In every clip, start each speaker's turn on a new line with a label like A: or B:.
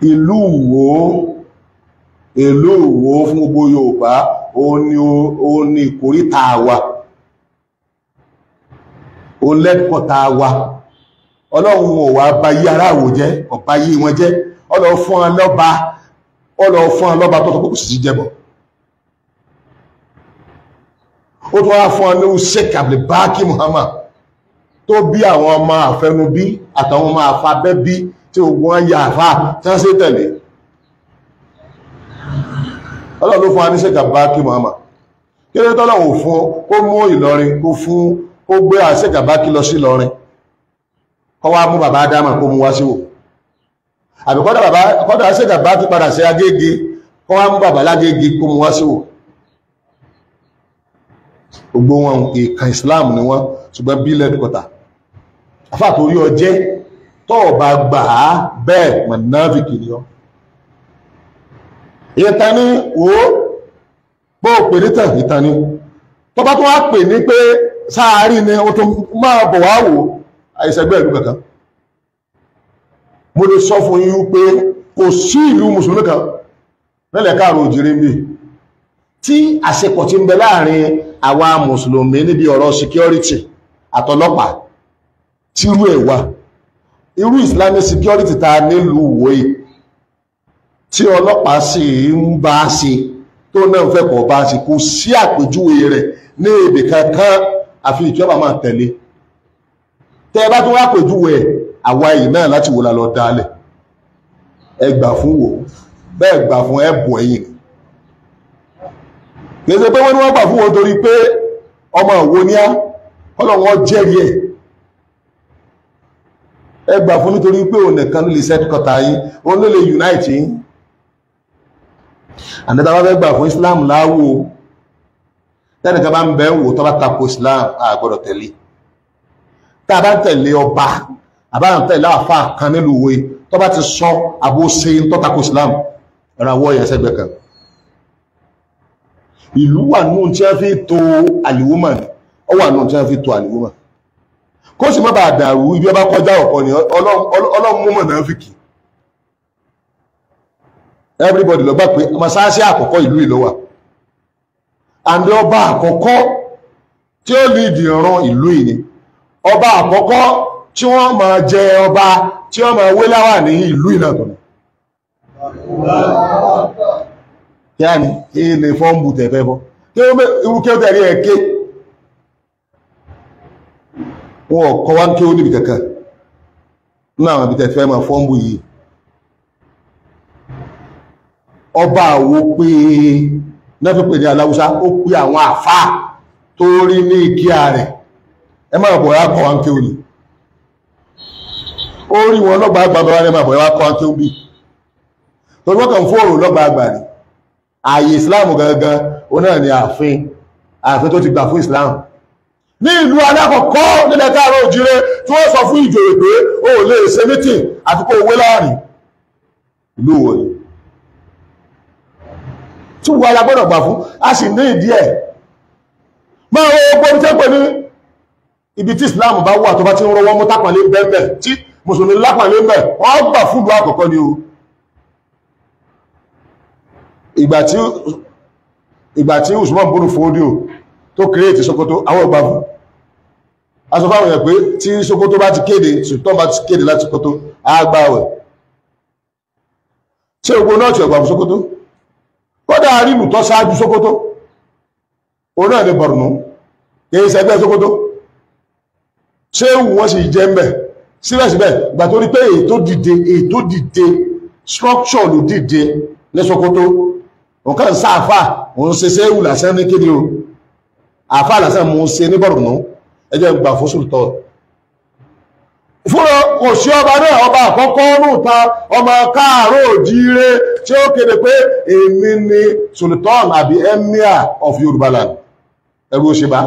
A: ìlú wo ìlú wo fún gbogbo yorùbá òun ni ìkóríta wa òun lẹ́kọ̀ọ́ta wa ọlọ́run ò wá bá yí aráàwò jẹ́ ọ̀bá yí wọn jẹ́ ọlọ́run fún ọ lọ́ba ọlọ́run fún ọ lọ́ba tó sọ pé jẹ́bọ̀ ó tún wá fún ọ ní Sheikh Abdulbaki Muhammad tó bí àwọn ọmọ àfẹnubí àtàwọn ọmọ àfabẹ́bí tí ogun wọn yà àfà tí wọ́n sì tẹ̀lé ọlọ́run ló fún wa ní sẹ́kà bá kí màmá kí ló tọ́lọ́run fún kó mú ìlọrin kó fún kó gbé àṣẹ́kà bá kí lọ sí ìlọrin kọ́ wa mú bàbá Ádámà kó mú wá sí àbí kọ́dà àṣẹ́kà bá kí padà sí Agége kọ́ wa mú bàbá lágége kó mú wá sí gbogbo wọn ìka Islam ni wọn ṣùgbọ́n bí lẹ́dùkọ́tà afáàtò orí ọjẹ́ tó o bá gbà á bẹ́ẹ̀ mọ̀nàfíkì ni ọ́ ìyẹ̀ta ní wo bó o pè ní tàn ni tó bá tó wá pè ní pé sáàárín ni o tó máa bọ̀ wá wò àìsẹ̀gbẹ́ ìlú kankan mo lè sọ fún yín pé kò sí ìlú mùsùlùmí kan lẹ́lẹ̀ káàrò òjìrí mi tí àṣepọ̀ ti ń bẹ láàrin àwa mùsùlùmí níbi ọ̀rọ̀ security àtọlọ́pàá tírú ẹ̀ wà irú islamic security ta nílùú wòye tí ọlọ́pàá sì ń bá ṣe tó náà fẹ́ kọ̀ bá ṣe kò sí àpèjúwe rẹ̀ ní èdè kankan àfi ìjọba máa tẹ̀lé tẹ bá tó wá pèjúwe ẹ̀ àwa yìí náà láti wò la lọ dálẹ̀ ẹ gbà fún wò bẹ́ẹ̀ gbà fún ẹ bọ̀ ẹ̀yìn lè ṣe pé wọ́n ní wọ́n gbà fún wọn torí pé ọmọ òwò ní á ọlọ́wọ́n jẹ́rìí ẹ̀ ẹ gbà fún nítorí pé òun nìkan ló lè sẹ́dúkọ̀tà yín òun ló lè unite yín àdẹ́ta bá fẹ́ gbà fún Islam láwò tẹ́nìkan bá ń bẹ́ wò tó bá tako Islam àgbọ̀dọ̀ tẹ̀lé tá a bá tẹ̀lé ọba àbá ń tẹ̀lé àfa kan nílùú wo tó bá ti sọ àbó ṣe ń tó tako Islam ìrànwọ́ yẹn sẹ́gbẹ̀ kan ìlú wà nù tí wọ́n fi to àlìwọ́mà ni wà nù tí wọ́n fi to àlìwọ́mà kó sì má bàa dàrú ibi ọba kọjá ọ̀pọ̀ ni ọlọ́run mú mọ̀nàfíkì everybody lọ gbà pé masáàsì àkọ́kọ́ ìlú ìlú wa àǹdẹ ọba àkọ́kọ́ tí ó lè dìran ìlú ìní ọba àkọ́kọ́ tí wọ́n máa jẹ ọba tí wọ́n máa wé láwà ní ìlú ìlànà yáà ni ilé fọ́ǹbù tẹ̀fẹ́ bọ́ kí ó mẹ́ irú kí ó tẹ̀rí ẹ̀kẹ́ wọ kọwa nke wá ń kéwọ́ níbi kankan nínú àwọn àbíjá ìfẹ́ ọba àwo pe náà pe ni ní aláwùsá o pé awọn afaa tó rí rẹ. ẹ má bọ̀ ẹ́ kọ́ O rí wọn lọgba àgbà ma ni ààyè ìsìláàmù gangan ó náà ní ìlú alákọ̀ọ́kọ́ nílẹ̀ káàrọ̀ òjìrè tí wọ́n sọ fún ìjòyè pé o ò lè ṣe mítìn àti kó owó láàrin ìlú wo ni tí wọ́n la gbọ́dọ̀ gbà fún a sì ní ìdí ẹ̀ máa wo gbọ́dọ̀ tẹ́ pé ní ibi tí Islam bá wà tó bá ti ń rọwọ́ mú tápàlé bẹ́ẹ̀ tí mùsùlùmí lápàlé bẹ́ẹ̀ wọ́n gbà fún ìlú àkọ́kọ́ ni o ìgbà tí Usman bùnú fòdíò tó kírètì Sokoto àwọn ọgbà fún a sọ fáwọn èèyàn pé tí Sokoto bá ti kéde Sultan bá ti kéde láti Sokoto àgbà wẹ̀ ṣé ogun náà ti ọgbà fún Sokoto kódà arínú tó ṣáájú Sokoto òun náà ní Borno kì í ṣẹgbẹ́ Sokoto ṣé wọ́n sì jẹ́ ń bẹ̀ síbẹ̀síbẹ̀ gbà tó rí pé èyí dìde èyí dìde structure ló dìde ní Sokoto òun kàn sáàfà òun ṣe ṣe é wù lásán ní kéde o àfáàlà sẹ́ mú se ní bọ̀rùnú ẹjọ́ gbà fún sùlùtọ́ fúnra kò sí ọba náà ọba àkọ́kọ́ nùta ọmọ káàró òjíire tí ó kéde pé èmi ni sultan àbí emir of yorùbá land ẹrú òṣèbá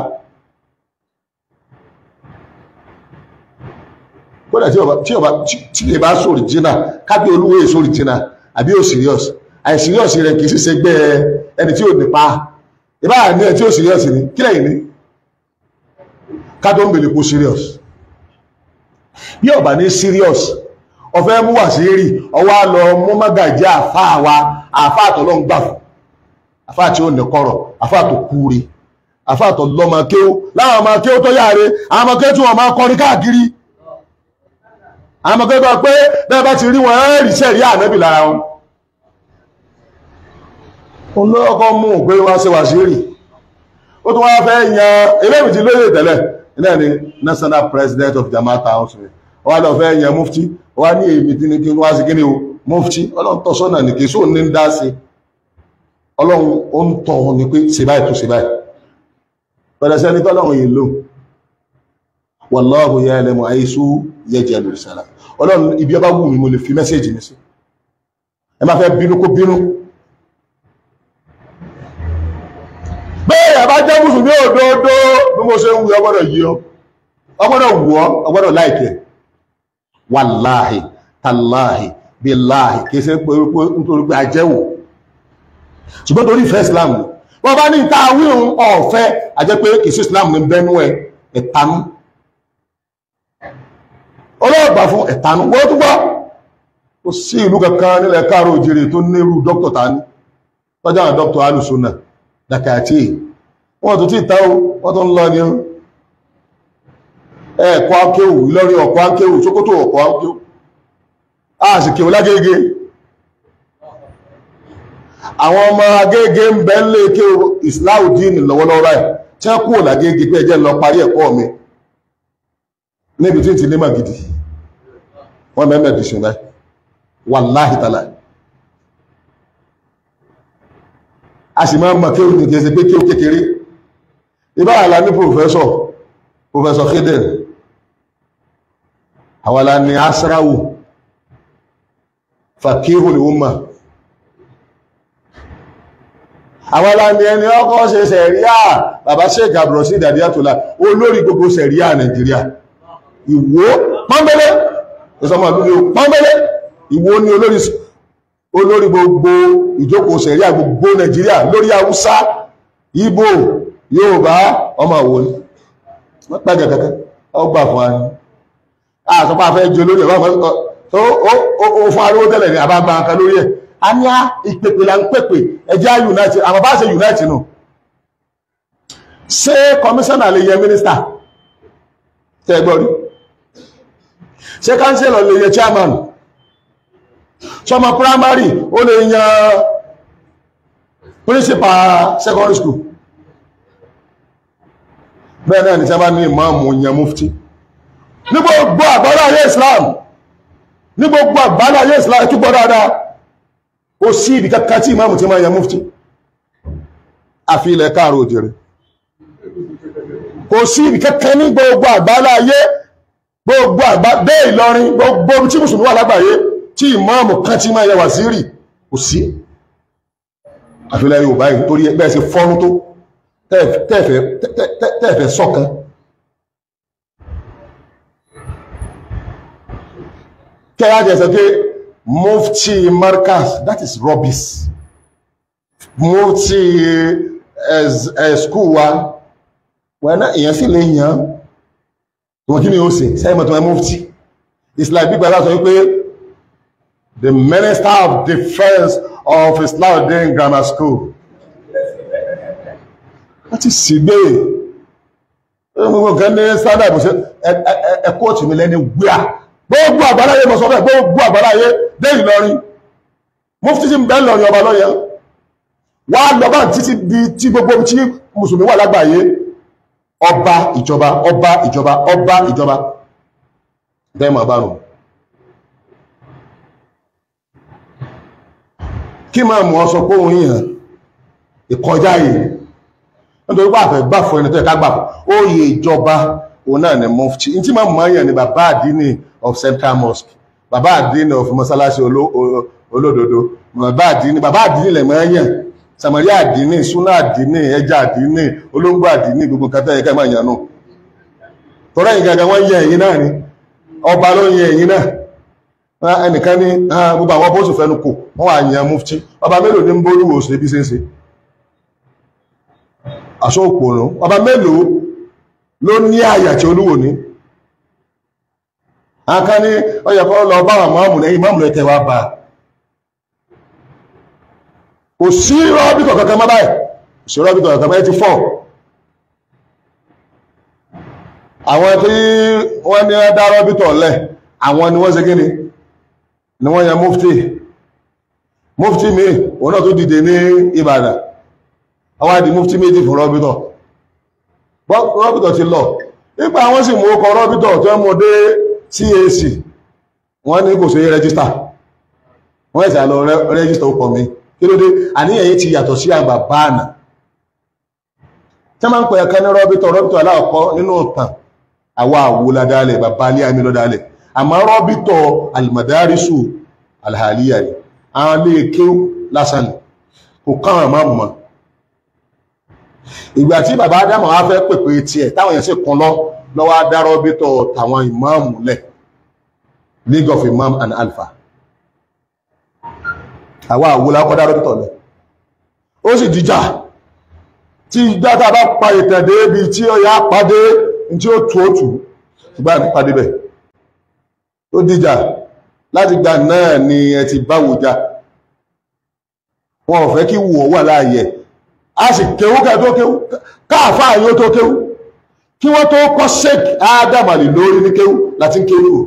A: kódà tí ọba tí lè bá sórí jìnnà kábí olúwe sórí jìnnà àbí ò serious àìsíríọ̀sì rẹ̀ kì í ṣe ṣẹgbẹ́ ẹni tí ò nípa ìbá ní ẹ̀ tí ó serious ni kí lẹ́yìn ní ká tó ń bèlè kó serious bí ọba ní serious ọ̀fẹ́ mú wà sí rí ọwọ́ lọ mú mágàjí àfáà wa àfáà tó lọ́n gbà fún àfáà tí ó ní kọ̀rọ̀ àfáà tó kúre àfáà tó lọ́mọ kéwó láwọn ọmọ kéwó tó yáre àwọn ọmọ kéwó tí wọ́n máa kọrin káàkiri àwọn ọmọ pé bẹ́ẹ̀ bá ti rí wọn ẹ́rì sẹ́ẹ̀rí ànábì olóòkọ́ mú pé wá ṣe wà ṣírì ó tún wá fẹ́ yan eléyìí tí lóye tẹ́lẹ̀ ilé ni national president of Jama'at Ansar wà lọ fẹ́ yan mufti wà ní èmi tí ní kí wá sí kíni o mufti ọlọ́run tọ́ sọ́nà ní kí sóò ní dá sí ọlọ́run ó ń tọ̀ ní pé ṣe báyìí tó ṣe báyìí pẹ̀lẹ́ sẹ́ni tọ́lọ́run yìí lò wallahu ya'lamu àìsú yẹ́jẹ̀ lórí sára ọlọ́run ibi ọba wù mí mo lè fi mẹ́sẹ̀jì mi sí ẹ má fẹ́ bínú kó bínú èèyàn bá jẹ́ mùsùlùmí òdodo bí mo ṣe ń wù ọgbọ́dọ̀ yí ọ ọgbọ́dọ̀ wù ọ ọgbọ́dọ̀ láìkẹ́ wàláhì tàláhì bíláhì kì í ṣe pé nítorí pé ajẹ́wò ṣùgbọ́n torí ìfẹ́ islam wọ́n bá ní ìta wíhun ọ̀fẹ́ àjẹ́ pé kì í ṣe islam ní bẹ́nu ẹ̀ ẹ̀tanú ọlọ́ọ̀bà fún ẹ̀tanú wọ́n tún gbọ́ kò sí ìlú kankan nílẹ̀ káàró òjèrè tó nírú dókítà tani tọ́jà àwọn dókítà alùsùn náà dàkàtì wọ́n tó tí ìtawó wọ́n lọ ní ẹ̀kọ́ akéwù Ìlọrin ọ̀kọ́ akéwù Sókótó ọ̀kọ́ akéwù àṣìkèwò lágége àwọn ọmọ agége ń bẹ lé ké Islahudeen lọ́wọ́lọ́wọ́ ẹ̀ tí wọ́n kúrò pé ẹjẹ́ lọ parí ẹ̀kọ́ mi níbi tí ti lé wọ́n mẹ́mẹ́ a sì máa mọ̀ kéwù ní ibá àlá ní pòfẹ́sọ̀ pòfẹ́sọ̀ kédèl àwàlá ní asráwù fàkíhù ní umma àwàlá ní ẹni ọkọ̀ ṣe sẹ̀ríà bàbá sheik abdulrasheed ìdàdí àtòlá olórí gbogbo sẹ̀ríà nàìjíríà ìwò pọ́nbẹ́lẹ́ ìsọmọ àdúgbò pọ́nbẹ́lẹ́ ìwò ní olórí olórí gbogbo ìjókòó sẹ̀ríà gbogbo nàìjíríà lórí haúsá ìgbò yóò bá ọmọ wo ni wọ́n pẹ́ kẹ̀kẹ́kẹ́ ọgbà fún wa ni àsọpá fẹ́ jẹ olórí ẹ̀ ó fún arówó tẹ́lẹ̀ ní àbágbà nǹkan lórí ẹ̀ a ní á ìpèpè là ń pèpè ẹjẹ́ unite àmọ́ bá ṣe unite nù ṣé kọmíṣánná lè yẹ mínísítà tẹ́ ẹ gbọ́ rí ṣé kánsílọ̀ lè yẹ chairman ṣọmọ primary ó lè yan principal secondary school bẹ́ẹ̀ náà ni sábà ní ìmáàmù yan mufti ní gbogbo àgbára ayé Islam ní gbogbo àgbára ayé Islam tó gbọ́ dáadáa kò sí ibi kankan tí ìmáàmù ti máa yan mufti àfi ilẹ̀ káàrọ̀ òjèrè kò sí ibi kankan ní gbogbo àgbára ayé gbogbo àgbá dé Ìlọrin gbogbo tí mùsùlùmí wà lágbàáyé tí ìmáàmù kan ti máa yan wàzírì kò sí àfi ilẹ̀ Yorùbá torí bẹ́ẹ̀ ṣe fọ́nú tó tẹ́ẹ̀fẹ́ sọ́kan. kẹ́yà jẹ́ sọ pé mufti markaz that is rubbish mufti eh, eh, eh, school wa wẹ́n èèyàn sì lè yàn wọ́n kí ni ó ṣe sẹ́yìnmọ̀ tó wọ́n mufti it's like bíbá aláṣọ wípé the minister of defence of Islam during grammar school wọ́n ti ṣègbè gbogbo nǹkan ní sádà ìbùsẹ̀ ẹ kóòtù mi lẹ́ni wíà gbogbo àgbáláyé mọ̀ sọ bẹ́ẹ̀ gbogbo àgbáláyé dé Ìlọrin mufti ti ń bẹ́ẹ̀ lọ́rin ọba lọ́yẹ wà á lọ́ba títí di tí gbogbo tí mùsùlùmí wà lágbàáyé ọba ìjọba ọba ìjọba ọba ìjọba bẹ́ẹ̀ mọ̀ bá rùn. kí máa mọ̀ ọ́ sọ pé òun yìí ìkọjá yìí nítorí pé àfẹ́ gbà fún ẹni tó yẹ ká gbà fún oyè ìjọba òun náà ni mufti ní tí màá mọ èèyàn ni bàbá àdínì of central mosque bàbá àdínì of mọ́sálásí olódodo bàbá àdínì bàbá àdínì lẹ̀ mọ́ èèyàn samaria àdínì suna àdínì ẹja àdínì olóńgbò àdínì gbogbo kẹtẹ yẹ ká máa yàn nù tọ́lá yìí gàgà wọ́n yẹ ẹ̀yìn náà ni ọba ló ń yẹ ẹ̀yìn náà ẹnìkan ní ah, gbogbo àwọn bóṣù fẹnu kò wọ́n wà yàn mufti ọba mélòó ní ń aṣọ òpònú ọba mélòó ló ní àyà tí olúwo ní aká ní ọyà kọ́ lọ bá àwọn amúlẹ̀ ìmáàmùlẹ̀ tẹ̀wà bá kò sí rọ́bì kọ̀ọ̀kan má báyìí kò sí rọ́bì kọ̀ọ̀kan má ti fọ́ àwọn tí wọ́n ní dá rọ́bì tọ̀ lẹ̀ àwọn ni wọ́n ṣe kí ni ni wọ́n yan mufti mufti mi òun náà tó dìde ní Ìbàdàn àwọn àdì mufti méjì fún rọ́bítọ̀ rọ́bítọ̀ ti lọ nípa àwọn sì mú ọkọ̀ rọ́bítọ̀ tó mú dé CAC wọ́n ní kò sí rẹ́gísítà wọ́n ẹ̀sà lọ rẹ́gísítà ó pọ̀ mi kí ló dé àníyàn yìí ti yàtọ̀ sí àgbà báànà tí wọ́n máa ń pè ẹ̀kan ní rọ́bítọ̀ rọ́bítọ̀ aláàkọ́ nínú ìtàn àwa àwo ládàálẹ̀ bàbá alẹ́ àmì lọ́dàálẹ̀ àmọ́ rọ́bítọ̀ almadarisu alhaliya ni àwọn ilé kéw lásán kò káwọn máa mọ̀ ìgbà tí bàbá Ádámù wá fẹ́ pèpè tiẹ̀ táwọn èèyàn sì kún lọ lọ́wọ́ adárọ́ bí tọ̀ tàwọn ìmáàmù lẹ̀ league of imam and alpha àwa àwòlá kọ́ dárọ́ bí tọ̀ lẹ̀ ó sì dìjà tí ìgbà a bá pa ìtẹ̀dé ibi tí ọ̀yà pàdé tí ó tù ó tù ṣùgbọ́n àti pàdé bẹ̀ ó dìjà láti gbà náà ni ẹ ti báwò já wọn ò fẹ́ kí wò ó wà láàyè a sì kéwú ká tó kéwú káàfà yóò tó kéwú kí wọ́n tó kọ́ sheik ádámàlì lórí ní kéwú láti ń kéwú o.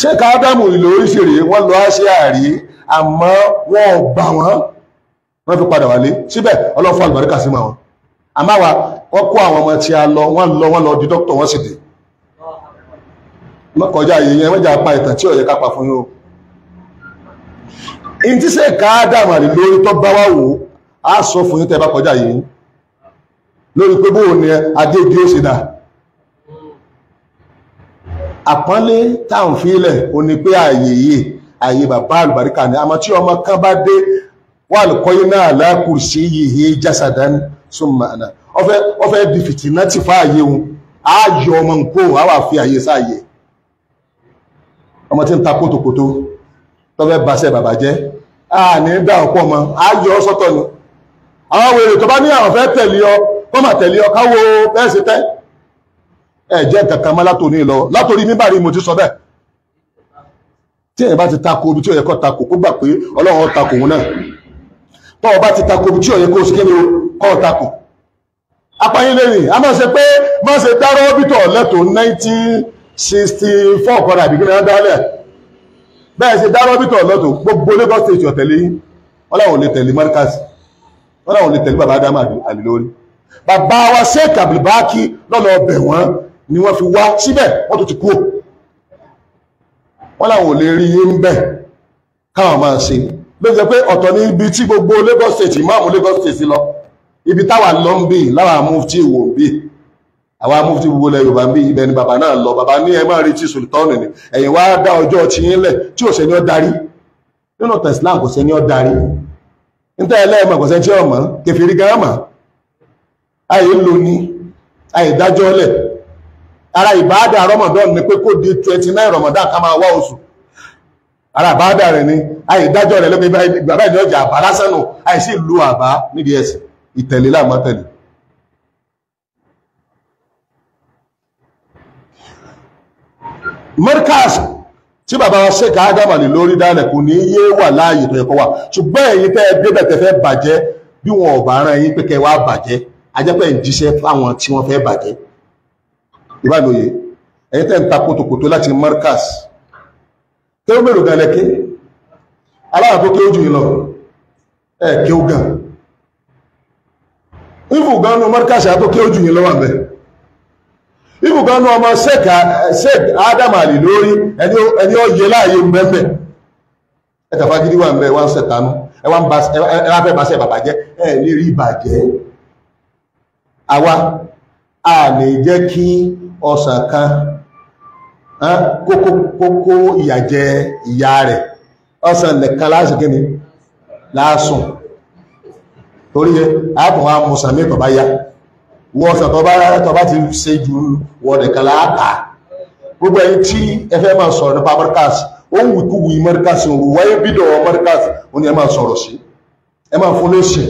A: sheik ádámù lórí sì rèé wọ́n lọ́ọ́ ṣe àrí àmọ́ wọ́n gbà wọ́n wọ́n fi padà wálé síbẹ̀ ọlọ́fọ́ àlùbáríkà sí wọn àmọ́ wa wọ́n kó àwọn ọmọ tí a lọ wọ́n lọ wọ́n lọ di dókítà wọ́n sì dé mọ́kànjá yìí yẹn mọ́jà pa ìtàn tí ó yẹ ká pa fún yín o in tí ṣe ká dàmà lè lórí tó bá wá wò á sọ fún yín tẹ́ bá kọjá yìí lórí pé bóun ni adéèdè ó ṣe dà àpọ́nlé táwọn fílẹ̀ ó ní pé ààyè yìí ààyè bàbá àlùbáríkà ni àmọ́ tí ọmọ kan bá dé wà lùkọ́yé náà lákùrù sí yìí jásàdán súnmọ́ àná ọfẹ́ di fìtìnà ti fa ààyè wọn ààyè ọmọ nǹkó àwọn àfi ààyè sáàyè ọmọ tí ń ta kótókótó tọ́fẹ́ bàṣẹ bàbá jẹ́ a ní dá ọ̀pọ̀ mọ́ a yọ ọ sọ́tọ̀ ni àwọn wèrè tó bá ní àwọn fẹ́ tẹ̀lé ọ kọ́ mà tẹ̀lé ọ káwo bẹ́ẹ̀ ṣe tẹ́ ẹ jẹ́ kankan mọ́ látòní lọ látòrí mímbà rí mo ti sọ bẹ́ẹ̀ tí èèyàn bá ti tako ibi tí ó yẹ kó tako kó gbà pé ọlọ́run tako òun náà tó o bá ti tako ibi tí ó yẹ kó o sì kéde kó o tako apáyín lè rìn a máa ṣe pé máa ṣe dárọ́ bítọ̀ lẹ́tọ̀ọ́ 1964 kọ́ra àbíkí náà dálẹ̀ bẹ́ẹ̀ ṣe dárọ́ bítọ̀ lọ́tò gbogbo Lagos state ọ̀tẹ̀lé yín wọ́n láwọn lè tẹ̀lé mọ́ríkàsì wọ́n láwọn lè tẹ̀lé bàbá Adamu Alilori bàbá wa Sheikh Abdulbaki lọ́lọ́ ọbẹ̀ wọn ni wọ́n fi wá síbẹ̀ wọ́n tó ti kú wọ́n láwọn lè rí yín bẹ́ẹ̀ káwọn máa ṣe ló jẹ́ pé ọ̀tọ̀ ní ibi tí gbogbo Lagos state ìmáàmù Lagos state lọ ibi táwa lọ ń bì láwọn amúftí ìwò bíi àwa amúfitì gbogbo ilẹ̀ yorùbá bí ibẹ̀ ni bàbá náà lọ bàbá ní ẹ sultani ni ẹ̀yin wá dá ọjọ́ tiyín lẹ̀ tí ni darí nínú islam kò sẹ́ni ó darí níta ẹ̀ lẹ́yìn mọ̀kọ́sẹ́ tí ọmọ kẹfìrí ara ìbáàdà rọmọdán ni pé di twenty nine rọmọdán ká máa wá ara àbáàdà rẹ̀ ni àyè dájọ́ bàbá àbá lásán Markaz tí bàbá wa ṣe káàgàmà lè lórí dálẹ̀ kò ní yé wà láàyè tó yẹ kó wà ṣùgbọ́n ẹ̀yin tẹ́ ẹ débẹ̀ tẹ́ fẹ́ bàjẹ́ bí wọn ò bá rán yín pé kẹ́ wá bàjẹ́ ajẹ́pẹ́ ń jíṣẹ́ fáwọn tí wọ́n fẹ́ bàjẹ́ ìbálòye ẹ̀yin tẹ́ ń ta kòtòkòtò láti Markaz tó mèrò gan lẹ́kí aláàbò kí ó jù lọ ẹ̀ kí ó gan ìfù gan nu Markaz àbò kí ó jù lọ́wọ́ bẹ́ẹ̀ ibùkan nu ọmọ eh, sheikh adam ali lórí ẹni ó yẹ láàyè mẹ́mẹ́ ẹ tàfà gidi wà mẹ́ wọ́n ṣẹ̀tánú ẹ wá fẹ́ bàṣẹ bàbà jẹ́ ẹ lè rí ìbàjẹ́ àwa a lè jẹ́ kí ọ̀sán kan kókó ìyàjẹ ìyá rẹ̀ ọ̀sán nìkan lásìkò ni lásùn torí ẹ wa àmùsàmí bàbá yá wọ́n sọ tọba tọba ti ṣe ju wọ́n nìkan láàtà gbogbo ẹni tí ẹ fẹ́ máa sọ̀rọ̀ nípa mọ́ríkàsì ó ń wíkú wí mọ́ríkàsì òru wáyé bídọ̀ mọ́ríkàsì ó ní ẹ máa sọ̀rọ̀ sí ẹ máa fún lóṣì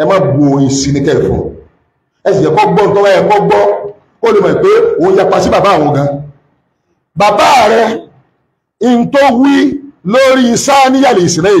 A: ẹ máa bu oyin sí ní kẹfún ẹ sì yẹ kó gbọ́ tọ́wọ́ ẹ kó gbọ́ kó lè mọ̀ pé òun yapa sí bàbá àwọn gan bàbá rẹ n tó wí lórí sáà níyàlè ìsìnlẹ̀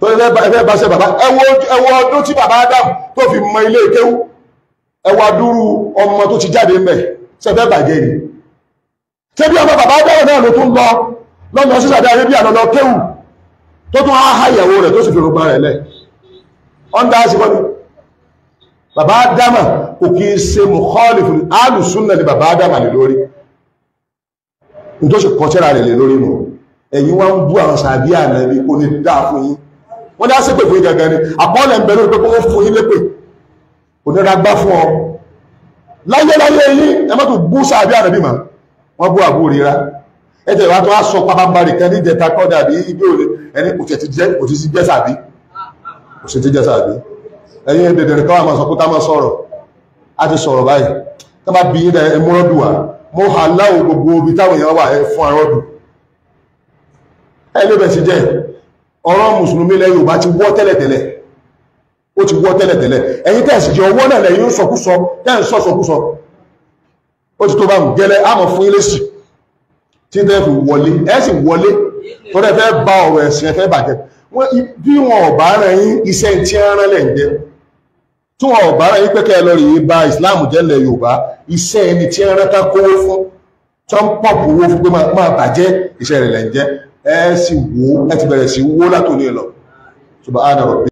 A: tó ẹfẹ́ bá ṣe bàbá ẹwọ ọdún tí bàbá Adam tó fi mọ ilé kéwú ẹwà dúró ọmọ tó ti jáde mẹ́ sẹfẹ́ bàjẹ́ ni tẹ́bí ọmọ bàbá Adam náà ló tún lọ lọ́nà sí Saudi Arabia lọ́nà kéwú tó tún áhá ìyàwó rẹ̀ tó sì fi rògbà rẹ̀ lẹ̀ ọ́ndà sí wọ́n ni bàbá Adam kò kí í ṣe mùkọ́lìfù alùsùnà ni bàbá Adam lè lórí nítorí kọ́ṣẹ́ra rẹ̀ lórí nù ẹ̀yin wá bú àwọn sàbíà náà bí kò ní dáa fún yín wọ́n dá sí pé fún gàgà ni àkọọ́lẹ̀ ń bẹ lórí pé kó wọ́n fún yín lépè kò nira gbá fún ọ láyéláyé yín ẹ má tún bú sáàbí àrẹ̀bí mà wọ́n bú àbú rira ẹ tẹ̀lé wàá tó wá sọ pàpàmbarì kan ní ìjẹta kọ́dà bí ibi òde ẹni kò tẹ̀tí jẹ́ kò sí jẹ́ sàbí kò sí jẹ́ sàbí ẹ̀yin dẹ̀dẹ̀rẹ̀ káwọn àmọ́ sọ kó tá máa sọ̀rọ̀ á ti sọ̀rọ̀ báyìí tá bá bí yín ẹ múrọ́dù wa mo hà láwo gbogbo ibi táwọn èèyàn wà ẹ fún arọ́dù ẹ lébẹ̀ sí jẹ́ ọ̀rọ̀ mùsùlùmí ilẹ̀ Yorùbá ti wọ́ tẹ́lẹ̀tẹ́lẹ̀ ó ti wọ́ tẹ́lẹ̀tẹ́lẹ̀ ẹ̀yin tẹ́ẹ̀sì jẹ́ ọwọ́ náà lẹ́yìn ń sọkúsọ tẹ́ẹ̀ ń sọ sọkúsọ ó ti tó bá gẹ́lẹ́ àmọ́ fún ilé sì tí tẹ́ fi wọlé ẹ sì wọlé tó dẹ̀ fẹ́ ba ọ̀rọ̀ ẹ̀sìn ẹ fẹ́ bàjẹ́ bí wọn ọ̀bá rẹ̀ yín iṣẹ́ tí ń rán lẹ̀ ń jẹ́ tí wọn ọ̀bá rẹ̀ yín pẹ́kẹ́ lọ rèé ba Islam jẹ́ lẹ̀ Yorùbá iṣẹ́ ẹni tí ń rán ká kówó fún tó ń pọ̀pù owó fún pé máa bàjẹ́ iṣẹ́ rẹ̀ lẹ̀ ń jẹ́ ẹ sì wò ẹ ti bẹ̀rẹ̀ sí wó látòlé lọ subhana rabbi